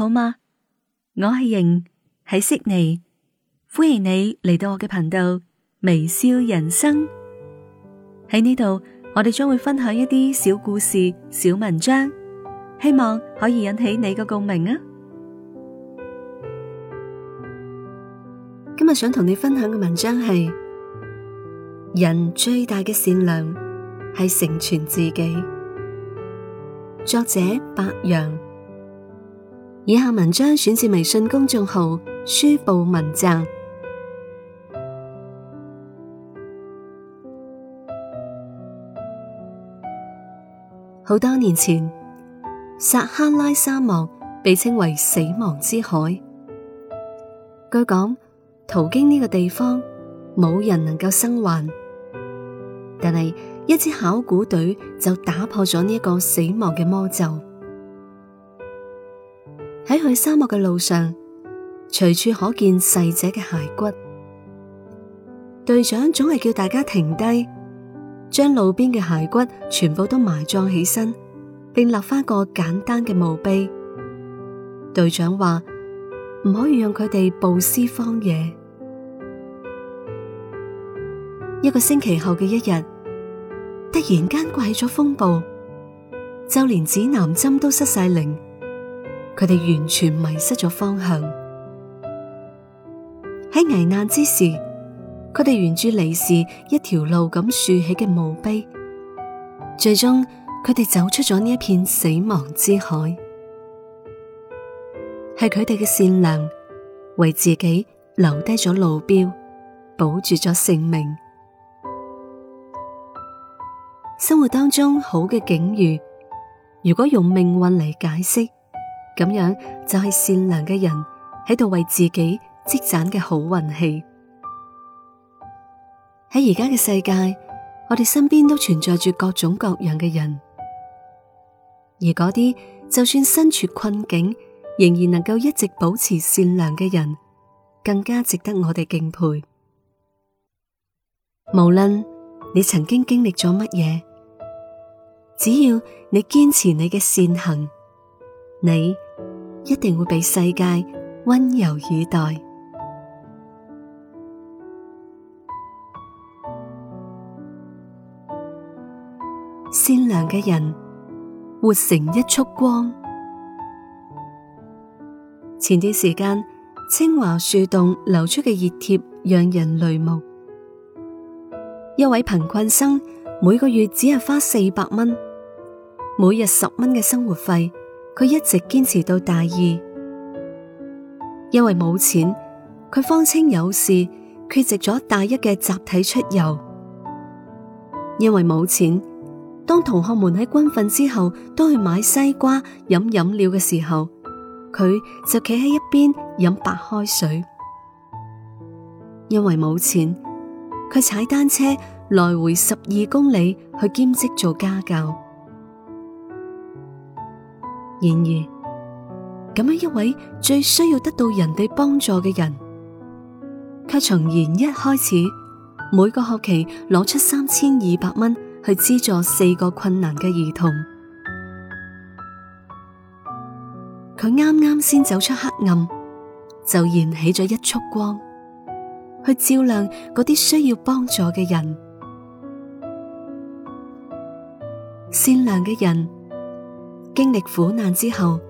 好嗎？我係瑩，喺悉尼，歡迎你嚟到我嘅頻道微笑人生。喺呢度，我哋將會分享一啲小故事、小文章，希望可以引起你嘅共鳴啊！今日想同你分享嘅文章係人最大嘅善良係成全自己，作者白楊。以下文章選自微信公眾號《書報文集》。好多年前，撒哈拉沙漠被稱為死亡之海，據講途經呢個地方冇人能夠生還。但係一支考古隊就打破咗呢個死亡嘅魔咒。去沙漠嘅路上，隨處可見逝者嘅骸骨。隊長總係叫大家停低，將路邊嘅骸骨全部都埋葬起身，並立翻個簡單嘅墓碑。隊長話：唔可以讓佢哋暴屍荒野。一個星期後嘅一日，突然間颳起咗風暴，就連指南針都失晒靈。佢哋完全迷失咗方向，喺危難之時，佢哋沿住嚟時一條路咁豎起嘅墓碑，最終佢哋走出咗呢一片死亡之海，係佢哋嘅善良為自己留低咗路標，保住咗性命。生活當中好嘅境遇，如果用命運嚟解釋。咁樣就係善良嘅人喺度為自己積攢嘅好運氣。喺而家嘅世界，我哋身邊都存在住各種各樣嘅人，而嗰啲就算身處困境，仍然能夠一直保持善良嘅人，更加值得我哋敬佩。無論你曾經經歷咗乜嘢，只要你堅持你嘅善行。你一定會被世界溫柔以待。善良嘅人活成一束光。前段時間清華樹洞流出嘅熱帖讓人淚目。一位貧困生每個月只係花四百蚊，每日十蚊嘅生活費。佢一直堅持到大二，因為冇錢，佢謊稱有事缺席咗大一嘅集體出遊。因為冇錢，當同學們喺軍訓之後都去買西瓜飲飲料嘅時候，佢就企喺一邊飲白開水。因為冇錢，佢踩單車來回十二公里去兼職做家教。然而，咁樣一位最需要得到人哋幫助嘅人，卻從然研一開始每個學期攞出三千二百蚊去資助四個困難嘅兒童。佢啱啱先走出黑暗，就燃起咗一束光，去照亮嗰啲需要幫助嘅人，善良嘅人。經歷苦難之後，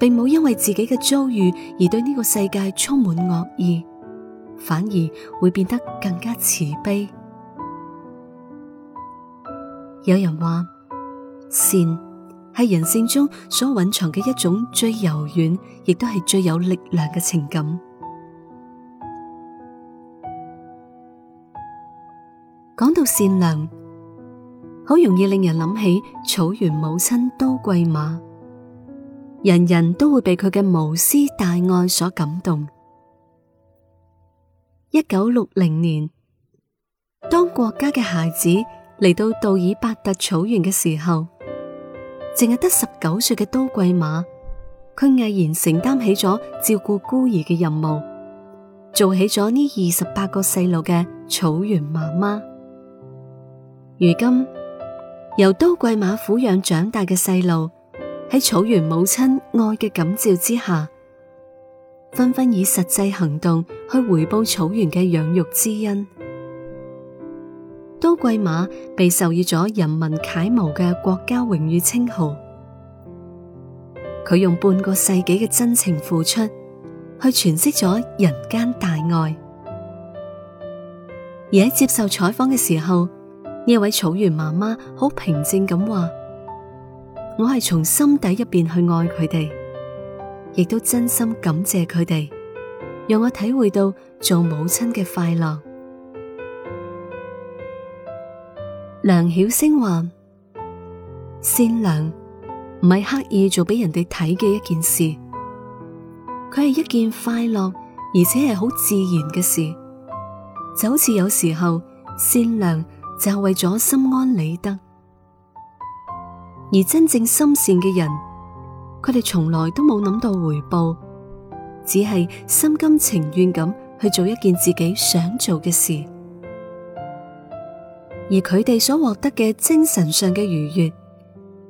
並冇因為自己嘅遭遇而對呢個世界充滿惡意，反而會變得更加慈悲。有人話，善係人性中所蘊藏嘅一種最柔軟，亦都係最有力量嘅情感。講到善良。好容易令人諗起草原母親都貴瑪，人人都會被佢嘅無私大愛所感動。一九六零年，當國家嘅孩子嚟到杜爾伯特草原嘅時候，淨係得十九歲嘅都貴瑪，佢毅然承擔起咗照顧孤兒嘅任務，做起咗呢二十八個細路嘅草原媽媽。如今。由都貴瑪撫養長大的細路，在草原母親愛的感召之下，紛紛以實際行動去回報草原的養育之恩。都貴瑪被授予了人民楷模的國家榮譽稱號，他用半個世紀的真情付出去詮釋了人間大愛。而在接受採訪的時候，呢位草原媽媽好平靜咁話：我係從心底入邊去愛佢哋，亦都真心感謝佢哋，讓我體會到做母親嘅快樂。梁曉聲話：善良唔係刻意做俾人哋睇嘅一件事，佢係一件快樂而且係好自然嘅事，就好似有時候善良。就係為咗心安理得。而真正心善嘅人，佢哋從來都冇諗到回報，只係心甘情願咁去做一件自己想做嘅事。而佢哋所獲得嘅精神上嘅愉悅，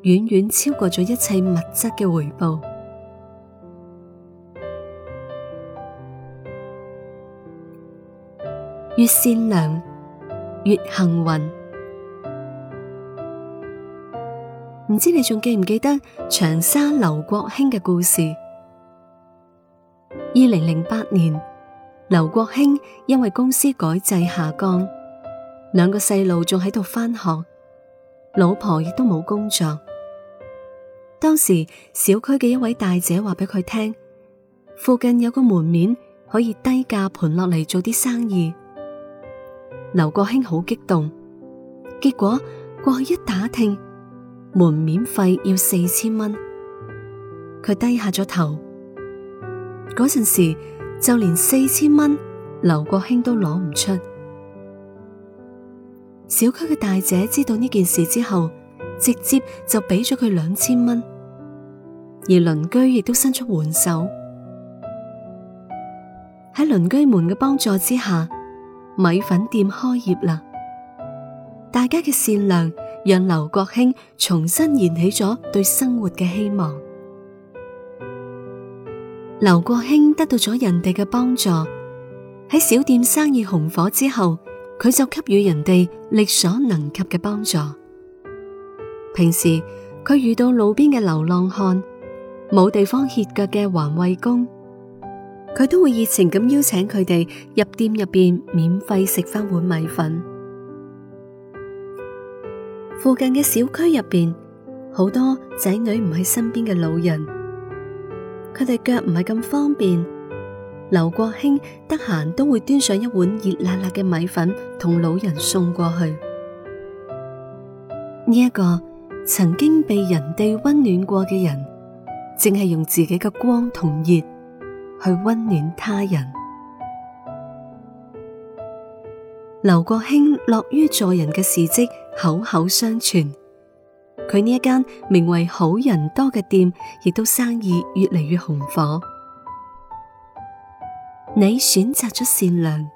遠遠超過咗一切物質嘅回報。越善良。越幸運，唔知你仲記唔記得長沙劉國興嘅故事？二零零八年，劉國興因為公司改制下崗，兩個細路仲喺度返學，老婆亦都冇工作。當時小區嘅一位大姐話俾佢聽，附近有個門面可以低價盤落嚟做啲生意。劉國興好激動，結果過去一打聽，門免費要四千蚊，佢低下咗頭。嗰陣時就連四千蚊劉國興都攞唔出。小區嘅大姐知道呢件事之後，直接就俾咗佢兩千蚊，而鄰居亦都伸出援手。喺鄰居們嘅幫助之下。米粉店開業啦！大家嘅善良讓劉國興重新燃起咗對生活嘅希望。劉國興得到咗人哋嘅幫助，喺小店生意紅火之後，佢就給予人哋力所能及嘅幫助。平時佢遇到路邊嘅流浪漢，冇地方歇腳嘅環衛工。佢都會熱情咁邀請佢哋入店入邊免費食返碗米粉。附近嘅小區入邊，好多仔女唔喺身邊嘅老人，佢哋腳唔係咁方便。劉國興得閒都會端上一碗熱辣辣嘅米粉，同老人送過去。呢一個曾經被人哋溫暖過嘅人，淨係用自己嘅光同熱，去溫暖他人。劉國興樂於助人嘅事蹟口口相傳，佢呢一間名為好人多嘅店，亦都生意越嚟越紅火。你選擇咗善良，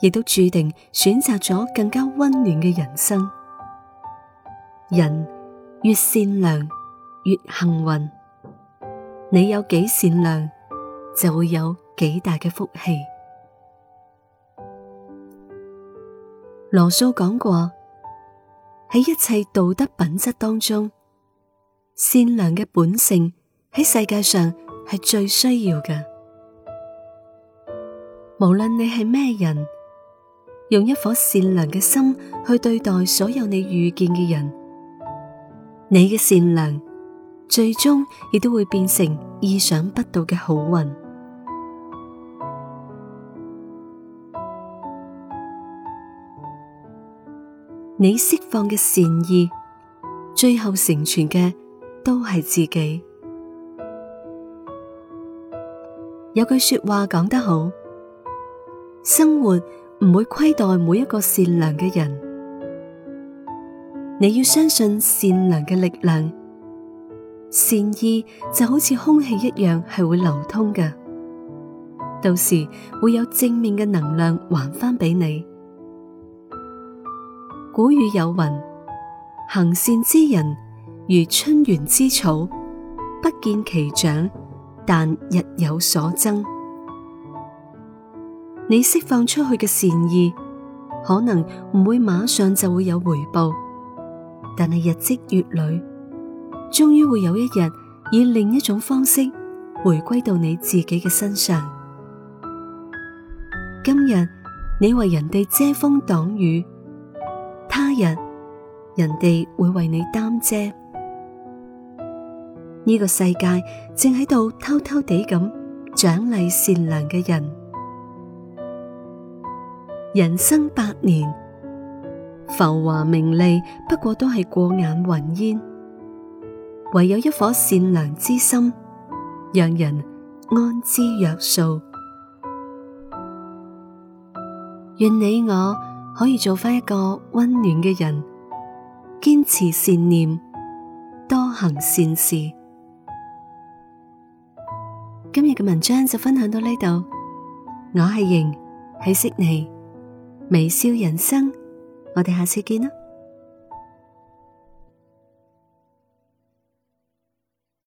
亦都注定選擇咗更加溫暖嘅人生。人越善良，越幸運，你有幾善良？就會有幾大嘅福氣。羅素講過，喺一切道德品質當中，善良嘅本性喺世界上係最需要嘅。無論你係咩人，用一顆善良嘅心去對待所有你遇見嘅人，你嘅善良最終亦都會變成意想不到嘅好運。你釋放嘅善意，最後成全嘅都係自己。有句說話講得好，生活唔會虧待每一個善良嘅人。你要相信善良嘅力量，善意就好似空氣一樣係會流通嘅，到時會有正面嘅能量還翻俾你。古語有雲，行善之人，如春園之草，不見其長，但日有所增。人哋會為你擔遮，呢、這個世界正喺度偷偷地咁獎勵善良嘅人。人生百年，浮華名利不過都係過眼雲煙，唯有一顆善良之心，讓人安之若素。願你我可以做返一個溫暖嘅人。堅持善念，多行善事。今日嘅文章就分享到呢度，我係瑩，喺悉尼微笑人生，我哋下次見啦。